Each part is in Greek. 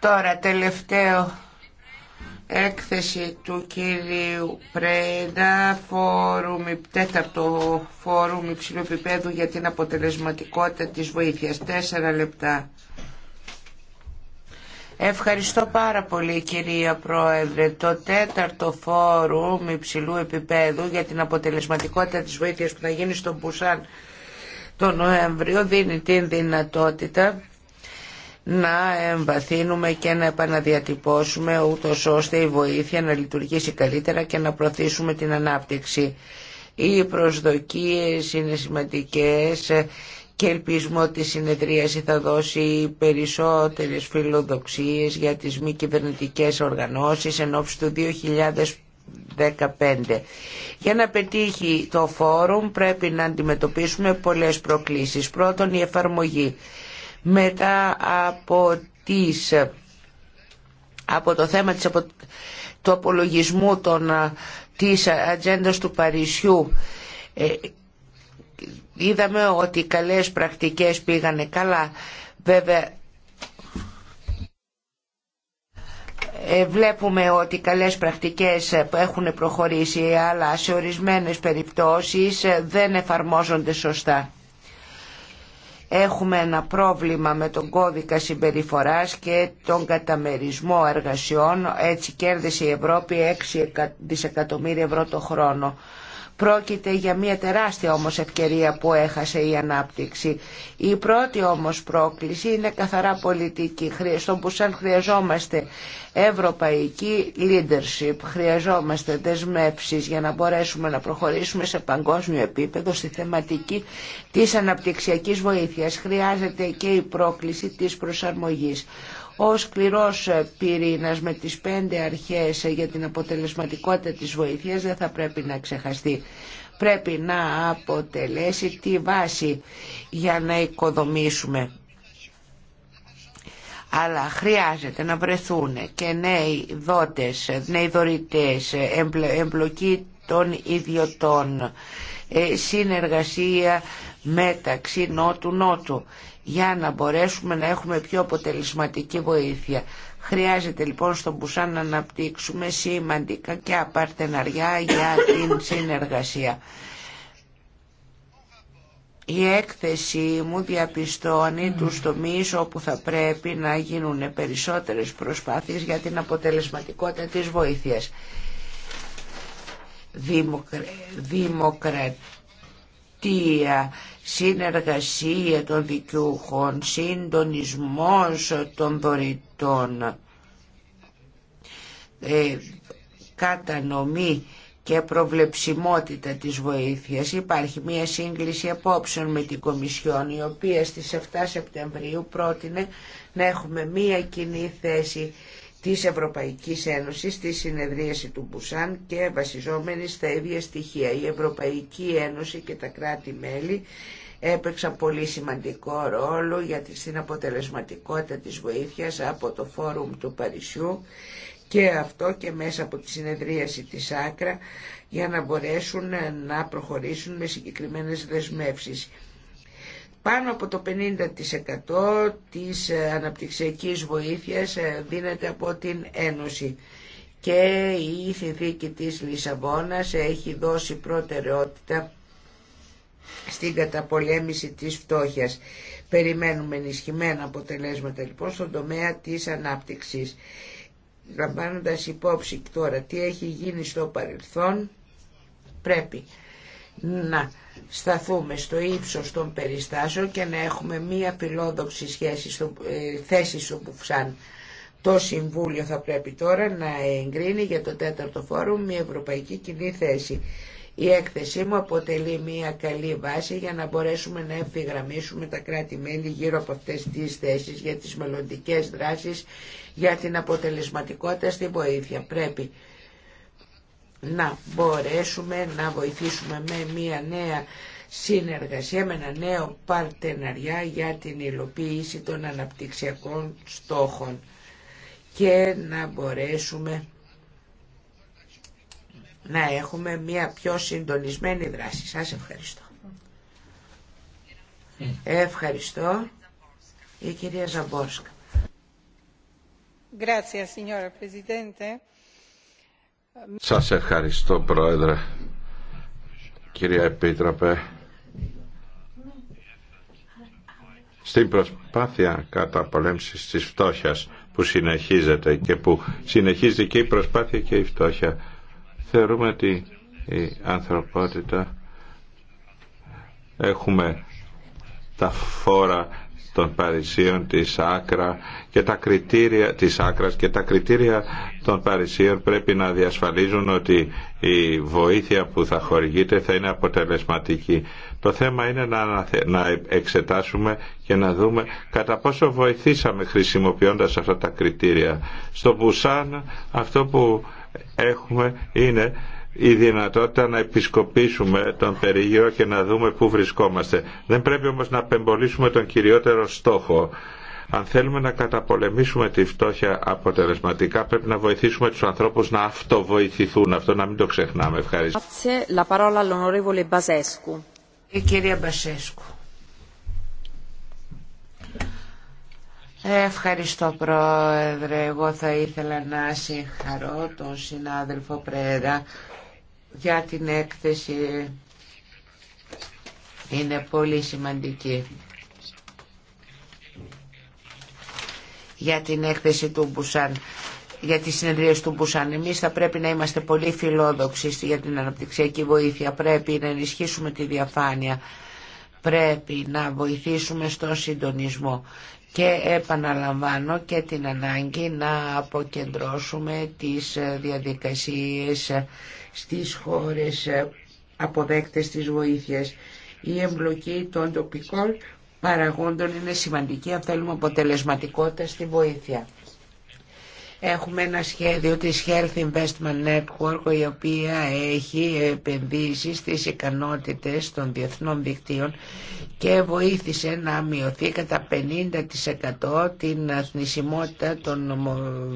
Τώρα τελευταίο έκθεση του κύριου Πρέντα, φόρουμ, τέταρτο φόρουμ υψηλού επίπεδου για την αποτελεσματικότητα της βοήθειας. Τέσσερα λεπτά. Ευχαριστώ πάρα πολύ κυρία Πρόεδρε. Το τέταρτο φόρουμ υψηλού επίπεδου για την αποτελεσματικότητα της βοήθειας που θα γίνει στον Πουσάν τον Νοέμβριο δίνει την δυνατότητα να εμβαθύνουμε και να επαναδιατυπώσουμε ούτως ώστε η βοήθεια να λειτουργήσει καλύτερα και να προωθήσουμε την ανάπτυξη. Οι προσδοκίες είναι σημαντικές και ελπίζουμε ότι η συνεδρίαση θα δώσει περισσότερες φιλοδοξίες για τις μη κυβερνητικέ οργανώσεις εν ώψη του 2015. Για να πετύχει το φόρουμ πρέπει να αντιμετωπίσουμε πολλές προκλήσεις. Πρώτον η εφαρμογή μετά από, τις, από το θέμα της, απο, του απολογισμού των, της ατζέντα του Παρισιού ε, είδαμε ότι οι καλές πρακτικές πήγανε καλά βέβαια ε, βλέπουμε ότι οι καλές πρακτικές έχουν προχωρήσει αλλά σε ορισμένες περιπτώσεις ε, δεν εφαρμόζονται σωστά. Έχουμε ένα πρόβλημα με τον κώδικα συμπεριφοράς και τον καταμερισμό εργασιών. Έτσι κέρδισε η Ευρώπη 6 δισεκατομμύρια ευρώ το χρόνο. Πρόκειται για μια τεράστια όμως ευκαιρία που έχασε η ανάπτυξη. Η πρώτη όμως πρόκληση είναι καθαρά πολιτική, στον που σαν χρειαζόμαστε ευρωπαϊκή leadership, χρειαζόμαστε δεσμεύσεις για να μπορέσουμε να προχωρήσουμε σε παγκόσμιο επίπεδο στη θεματική της αναπτυξιακής βοήθειας. Χρειάζεται και η πρόκληση της προσαρμογής. Ο σκληρός ε, πυρήνας με τις πέντε αρχές ε, για την αποτελεσματικότητα της βοήθειας δεν θα πρέπει να ξεχαστεί. Πρέπει να αποτελέσει τη βάση για να οικοδομήσουμε. Αλλά χρειάζεται να βρεθούν και νέοι δότες, νέοι δωρητές, εμπλοκή των ιδιωτών ε, συνεργασία μεταξύ νότου-νότου για να μπορέσουμε να έχουμε πιο αποτελεσματική βοήθεια. Χρειάζεται λοιπόν στον Μπουσάν να αναπτύξουμε σημαντικά και απαρτεναριά για την συνεργασία. Η έκθεση μου διαπιστώνει τους τομείς όπου θα πρέπει να γίνουν περισσότερες προσπάθειες για την αποτελεσματικότητα της βοήθειας δημοκρατία, συνεργασία των δικιούχων, συντονισμός των δωρητών, ε, κατανομή και προβλεψιμότητα της βοήθειας. Υπάρχει μια σύγκληση απόψεων με την Κομισιόν η οποία στις 7 Σεπτεμβρίου πρότεινε να έχουμε μια κοινή θέση της Ευρωπαϊκής Ένωσης στη συνεδρίαση του Μπουσάν και βασιζόμενη στα ίδια στοιχεία. Η Ευρωπαϊκή Ένωση και τα κράτη-μέλη έπαιξαν πολύ σημαντικό ρόλο για την αποτελεσματικότητα της βοήθειας από το Φόρουμ του Παρισιού και αυτό και μέσα από τη συνεδρίαση της Άκρα για να μπορέσουν να προχωρήσουν με συγκεκριμένες δεσμεύσεις πάνω από το 50% της ε, αναπτυξιακής βοήθειας ε, δίνεται από την Ένωση και η συνθήκη της Λισαβόνας έχει δώσει προτεραιότητα στην καταπολέμηση της φτώχειας. Περιμένουμε ενισχυμένα αποτελέσματα λοιπόν στον τομέα της ανάπτυξης. Λαμβάνοντα υπόψη τώρα τι έχει γίνει στο παρελθόν πρέπει να σταθούμε στο ύψος των περιστάσεων και να έχουμε μία φιλόδοξη σχέση στο, ε, θέση στο Πουφσάν. Το Συμβούλιο θα πρέπει τώρα να εγκρίνει για το τέταρτο φόρουμ μια ευρωπαϊκή κοινή θέση. Η έκθεσή μου αποτελεί μια καλή βάση για να μπορέσουμε να ευθυγραμμίσουμε τα κράτη-μέλη γύρω από αυτές τις θέσεις για τις μελλοντικέ δράσεις, για την αποτελεσματικότητα στη βοήθεια. Πρέπει να μπορέσουμε να βοηθήσουμε με μια νέα συνεργασία, με ένα νέο παρτεναριά για την υλοποίηση των αναπτυξιακών στόχων και να μπορέσουμε να έχουμε μια πιο συντονισμένη δράση. Σας ευχαριστώ. Ευχαριστώ. Η κυρία Ζαμπόρσκα. Grazie, signora Presidente. Σας ευχαριστώ Πρόεδρε. Κυρία Επίτροπε, στην προσπάθεια κατά πολέμησης της φτώχειας που συνεχίζεται και που συνεχίζεται και η προσπάθεια και η φτώχεια, θεωρούμε ότι η ανθρωπότητα έχουμε τα φόρα των Παρισίων της Άκρα και τα κριτήρια της Άκρας και τα κριτήρια των Παρισίων πρέπει να διασφαλίζουν ότι η βοήθεια που θα χορηγείται θα είναι αποτελεσματική. Το θέμα είναι να, να εξετάσουμε και να δούμε κατά πόσο βοηθήσαμε χρησιμοποιώντας αυτά τα κριτήρια. Στο Μπουσάν αυτό που έχουμε είναι η δυνατότητα να επισκοπήσουμε τον περίγυρο και να δούμε πού βρισκόμαστε. Δεν πρέπει όμως να απεμπολίσουμε τον κυριότερο στόχο. Αν θέλουμε να καταπολεμήσουμε τη φτώχεια αποτελεσματικά, πρέπει να βοηθήσουμε τους ανθρώπους να αυτοβοηθηθούν. Αυτό να μην το ξεχνάμε. Ευχαριστώ. La Ευχαριστώ πρόεδρε. Εγώ θα ήθελα να συγχαρώ τον συνάδελφο Πρέδα για την έκθεση είναι πολύ σημαντική. Για την έκθεση του Μπουσάν, για τις συνεδρίες του Μπουσάν, εμείς θα πρέπει να είμαστε πολύ φιλόδοξοι για την αναπτυξιακή βοήθεια. Πρέπει να ενισχύσουμε τη διαφάνεια. Πρέπει να βοηθήσουμε στον συντονισμό και επαναλαμβάνω και την ανάγκη να αποκεντρώσουμε τις ε, διαδικασίες ε, στις χώρες ε, αποδέκτες της βοήθειας. Η εμπλοκή των τοπικών παραγόντων είναι σημαντική αν θέλουμε αποτελεσματικότητα στη βοήθεια. Έχουμε ένα σχέδιο της Health Investment Network η οποία έχει επενδύσει στις ικανότητες των διεθνών δικτύων και βοήθησε να μειωθεί κατά 50% την αθνησιμότητα των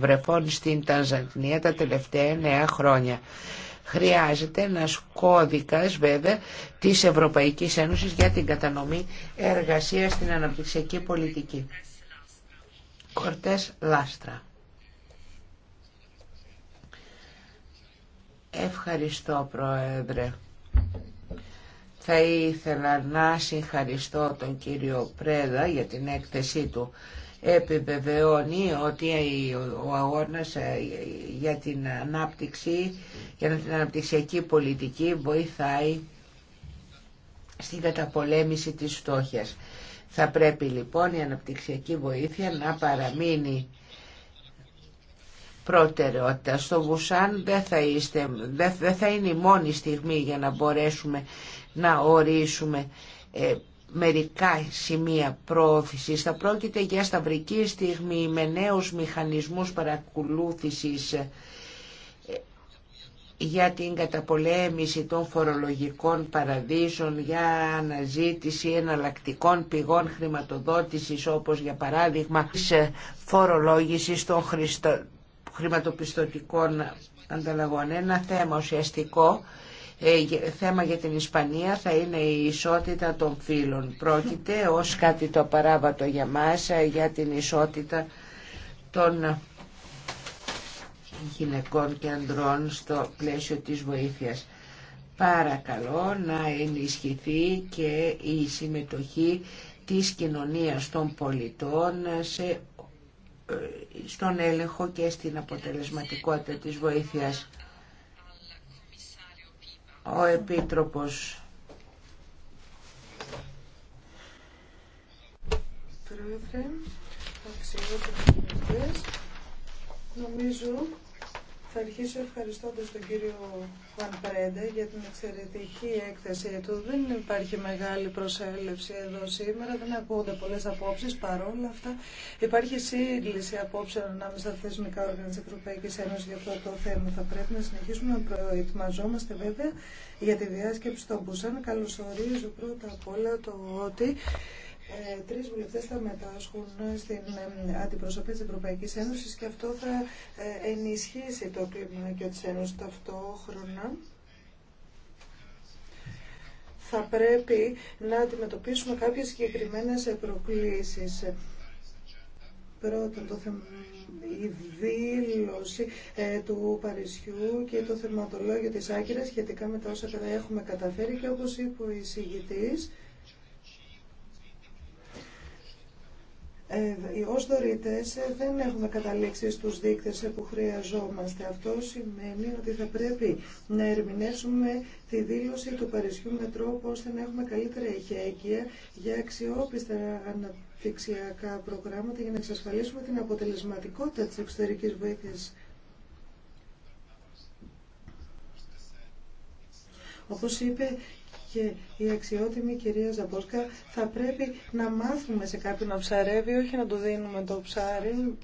βρεφών στην Τανζανία τα τελευταία 9 χρόνια. Χρειάζεται ένα κώδικα, βέβαια της Ευρωπαϊκής Ένωσης για την κατανομή εργασίας στην αναπτυξιακή πολιτική. Κορτές Λάστρα. Ευχαριστώ Πρόεδρε. Θα ήθελα να συγχαριστώ τον κύριο Πρέδα για την έκθεσή του. Επιβεβαιώνει ότι ο αγώνας ε, για την ανάπτυξη, για την αναπτυξιακή πολιτική βοηθάει στην καταπολέμηση της φτώχειας. Θα πρέπει λοιπόν η αναπτυξιακή βοήθεια να παραμείνει προτεραιότητα. Στο Βουσάν δεν θα, είναι η μόνη στιγμή για να μπορέσουμε να ορίσουμε ε, μερικά σημεία πρόωθησης. Θα πρόκειται για σταυρική στιγμή με νέους μηχανισμούς παρακολούθησης ε, για την καταπολέμηση των φορολογικών παραδείσων, για αναζήτηση εναλλακτικών πηγών χρηματοδότησης όπως για παράδειγμα της ε, φορολόγησης των, χρηστών χρηματοπιστωτικών ανταλλαγών. Ένα θέμα ουσιαστικό, ε, θέμα για την Ισπανία θα είναι η ισότητα των φύλων. Πρόκειται ως κάτι το παράβατο για μας, ε, για την ισότητα των γυναικών και ανδρών στο πλαίσιο της βοήθειας. Παρακαλώ να ενισχυθεί και η συμμετοχή της κοινωνίας των πολιτών σε στον έλεγχο και στην αποτελεσματικότητα της βοήθειας. Ο Επίτροπος Πρόεδρε, αξιότιμοι Νομίζω θα αρχίσω ευχαριστώντα τον κύριο Χουάν Πρέντε για την εξαιρετική έκθεση του. Δεν υπάρχει μεγάλη προσέλευση εδώ σήμερα, δεν ακούγονται πολλέ απόψει. Παρόλα αυτά, υπάρχει σύγκληση απόψεων ανάμεσα θεσμικά όργανα τη Ευρωπαϊκή Ένωση για αυτό το θέμα. Θα πρέπει να συνεχίσουμε να προετοιμαζόμαστε βέβαια για τη διάσκεψη των Μπουσάν. Καλωσορίζω πρώτα απ' όλα το ότι Τρει τρεις βουλευτές θα μετάσχουν στην ε, αντιπροσωπή τη Ευρωπαϊκή Ένωση και αυτό θα ε, ενισχύσει το κλίμα και τη Ένωση ταυτόχρονα. Θα πρέπει να αντιμετωπίσουμε κάποιε συγκεκριμένε ε, προκλήσει. Πρώτον, το η δήλωση του Παρισιού και το θερματολόγιο της Άκυρας σχετικά με τα όσα έχουμε καταφέρει και όπως είπε ο εισηγητής, Ε, ως δωρητές ε, δεν έχουμε καταλήξει στους δείκτες ε, που χρειαζόμαστε. Αυτό σημαίνει ότι θα πρέπει να ερμηνεύσουμε τη δήλωση του Παρισιού με τρόπο ώστε να έχουμε καλύτερα ηχέγγυα για αξιόπιστα αναπτυξιακά προγράμματα για να εξασφαλίσουμε την αποτελεσματικότητα της εξωτερικής βοήθειας. Όπως είπε και η αξιότιμη κυρία Ζαμπόσκα θα πρέπει να μάθουμε σε κάποιον να ψαρεύει, όχι να του δίνουμε το ψάρι.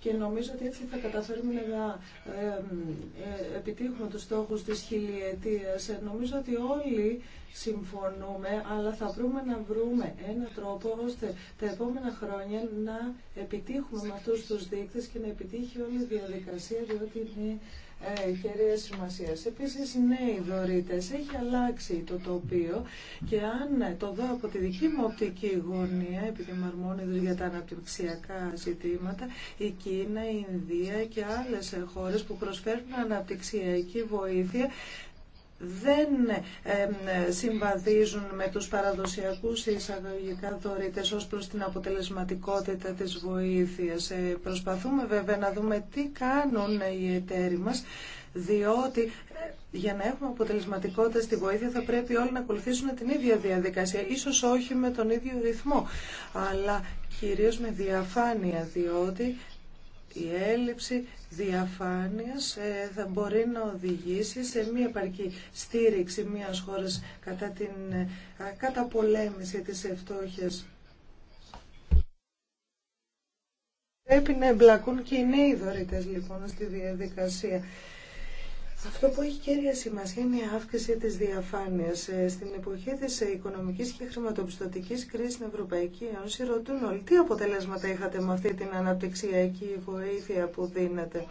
Και νομίζω ότι έτσι θα καταφέρουμε να ε, ε, επιτύχουμε τους στόχους της χιλιετίας. Ε, νομίζω ότι όλοι συμφωνούμε, αλλά θα βρούμε να βρούμε ένα τρόπο ώστε τα επόμενα χρόνια να επιτύχουμε με αυτούς τους δείκτες και να επιτύχει όλη η διαδικασία, διότι είναι ε, κέρια σημασία. Επίση, νέοι ναι, δωρήτε. Έχει αλλάξει το τοπίο και αν το δω από τη δική μου οπτική γωνία, επειδή είμαι για τα αναπτυξιακά ζητήματα, η Κίνα, η Ινδία και άλλε χώρε που προσφέρουν αναπτυξιακή βοήθεια δεν συμβαδίζουν με τους παραδοσιακούς εισαγωγικά δωρήτες ως προς την αποτελεσματικότητα της βοήθειας. Ε, προσπαθούμε βέβαια να δούμε τι κάνουν οι εταίροι μας, διότι ε, για να έχουμε αποτελεσματικότητα στη βοήθεια θα πρέπει όλοι να ακολουθήσουν την ίδια διαδικασία, ίσως όχι με τον ίδιο ρυθμό, αλλά κυρίως με διαφάνεια, διότι η έλλειψη διαφάνειας ε, θα μπορεί να οδηγήσει σε μία επαρκή στήριξη μιας χώρας κατά την ε, καταπολέμηση της ευτόχειας. Πρέπει να εμπλακούν και οι νέοι δωρητές λοιπόν στη διαδικασία. Αυτό που έχει κέρια σημασία είναι η αύξηση της διαφάνειας. Ε, στην εποχή της ε, οικονομικής και χρηματοπιστωτικής κρίσης στην Ευρωπαϊκή Ένωση ρωτούν όλοι τι αποτελέσματα είχατε με αυτή την αναπτυξιακή βοήθεια που δίνετε.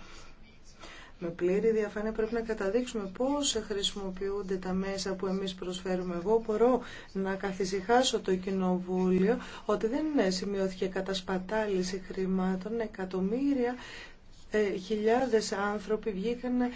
Με πλήρη διαφάνεια πρέπει να καταδείξουμε πώς χρησιμοποιούνται τα μέσα που εμείς προσφέρουμε. Εγώ μπορώ να καθησυχάσω το Κοινοβούλιο ότι δεν σημειώθηκε κατασπατάληση χρημάτων, εκατομμύρια ε, χιλιάδες άνθρωποι βγήκαν, ε,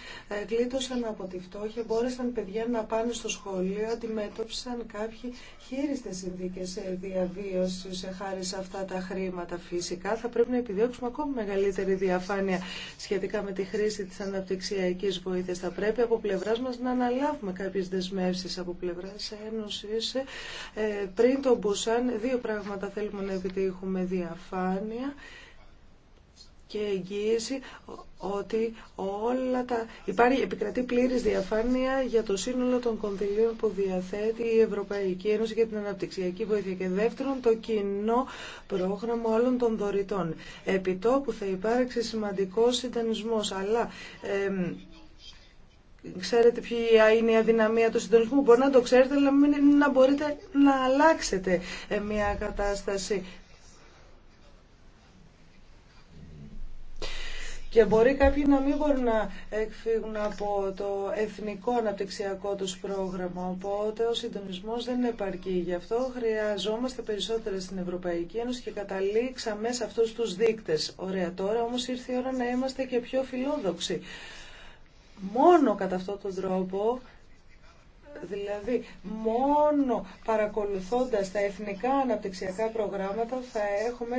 γλίτωσαν από τη φτώχεια, μπόρεσαν παιδιά να πάνε στο σχολείο, αντιμέτωψαν κάποιοι χείριστες συνδίκες ε, διαβίωσης χάρη σε αυτά τα χρήματα φυσικά. Θα πρέπει να επιδιώξουμε ακόμη μεγαλύτερη διαφάνεια σχετικά με τη χρήση της αναπτυξιακής βοήθειας. Θα πρέπει από πλευράς μας να αναλάβουμε κάποιες δεσμεύσεις από πλευράς Ένωσης. πριν τον Μπουσάν, δύο πράγματα θέλουμε να επιτύχουμε διαφάνεια και εγγύηση ότι όλα τα... Υπάρχει, επικρατεί πλήρης διαφάνεια για το σύνολο των κονδυλίων που διαθέτει η Ευρωπαϊκή Ένωση για την Αναπτυξιακή Βοήθεια και δεύτερον το κοινό πρόγραμμα όλων των δωρητών. Επιτόπου θα υπάρξει σημαντικός συντονισμός, αλλά... ξέρετε ποια είναι η αδυναμία του συντονισμού. Μπορεί να το ξέρετε, αλλά μην να μπορείτε να αλλάξετε ε, μια κατάσταση. Και μπορεί κάποιοι να μην μπορούν να εκφύγουν από το εθνικό αναπτυξιακό του πρόγραμμα. Οπότε ο συντονισμό δεν επαρκεί. Γι' αυτό χρειαζόμαστε περισσότερα στην Ευρωπαϊκή Ένωση και καταλήξαμε σε αυτούς τους δείκτε. Ωραία, τώρα όμως ήρθε η ώρα να είμαστε και πιο φιλόδοξοι. Μόνο κατά αυτόν τον τρόπο Δηλαδή, μόνο παρακολουθώντας τα εθνικά αναπτυξιακά προγράμματα θα έχουμε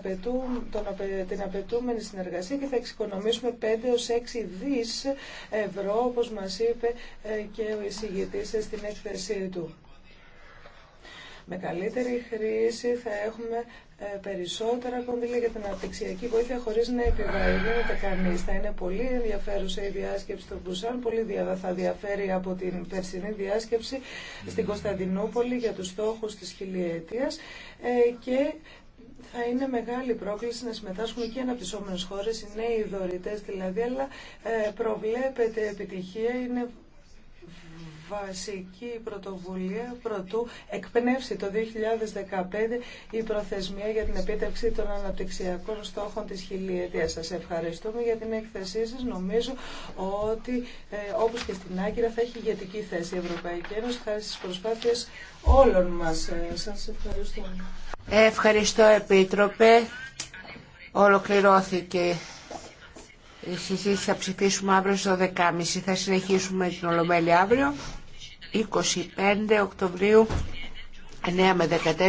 ε, την απαιτούμενη συνεργασία και θα εξοικονομήσουμε 5 έως 6 δις ευρώ, όπως μας είπε ε, και ο εισηγητής στην έκθεσή του. Με καλύτερη χρήση θα έχουμε ε, περισσότερα κονδύλια για την αναπτυξιακή βοήθεια χωρίς να επιβαρύνεται κανείς. Θα είναι πολύ ενδιαφέρουσα η διάσκεψη του Μπουσάν, πολύ θα διαφέρει από την περσινή διάσκεψη στην Κωνσταντινούπολη για τους στόχους της χιλιετίας ε, και θα είναι μεγάλη πρόκληση να συμμετάσχουν και οι αναπτυσσόμενες χώρες, οι νέοι δωρητές δηλαδή, αλλά ε, προβλέπεται επιτυχία, είναι βασική πρωτοβουλία προτού εκπνεύσει το 2015 η προθεσμία για την επίτευξη των αναπτυξιακών στόχων της χιλιετίας. Σας ευχαριστούμε για την έκθεσή σας. Νομίζω ότι ε, όπως και στην Άγκυρα θα έχει ηγετική θέση η Ευρωπαϊκή Ένωση χάρη στις προσπάθειες όλων μας. Ε, σας ευχαριστούμε. Ευχαριστώ Επίτροπε. Ολοκληρώθηκε συζήτηση θα ψηφίσουμε αύριο στο 12.30. Θα συνεχίσουμε την Ολομέλη αύριο, 25 Οκτωβρίου, 9 με 14.